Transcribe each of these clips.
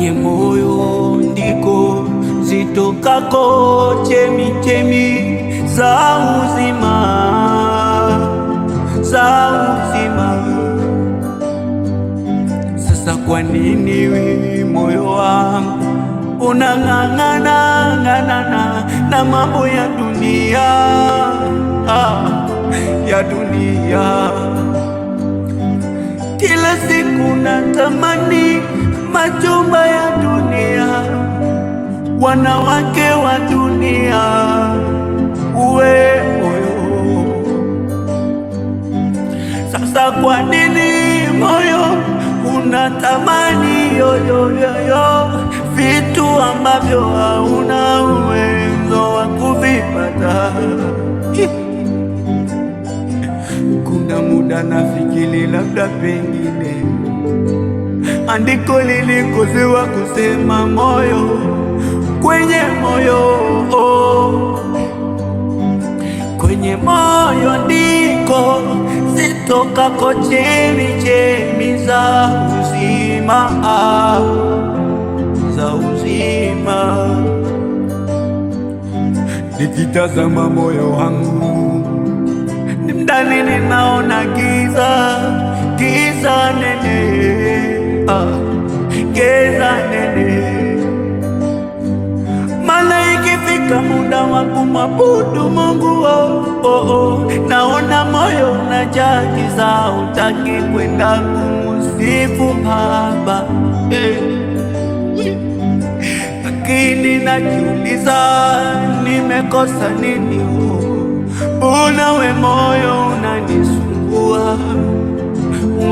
kwenye moyo ndiko zitokako chemi chemi za uzima za uzima. Sasa kwa nini wi moyo wangu unang'ang'ana ng'anana na mambo ya dunia ah, ya dunia kila siku natamani majumba wanawake wa dunia, uwe moyo sasa. Kwa nini moyo unatamani yoyoyoyo vitu ambavyo hauna uwezo wa kuvipata? Kuna muda nafikiri labda pengine andiko lilikosewa kusema moyo kwenye moyo oh. Kwenye moyo ndiko zitokako chemi chemi za uzima ah, za uzima. Nikitazama moyo wangu ndani mdani, ninaona wa kumwabudu Mungu wao oh, oh, oh, naona moyo jaki za utaki kwenda kumusifu Baba eh. Lakini najiuliza nimekosa nini? Mbona we moyo unanisumbua,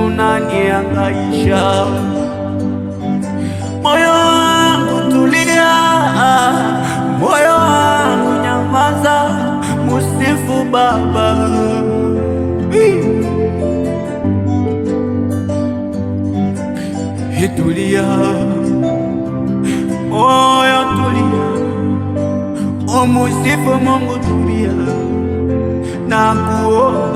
unaniangaisha Baba etulia Hetulia oyo tulia omusifu Mungu tulia na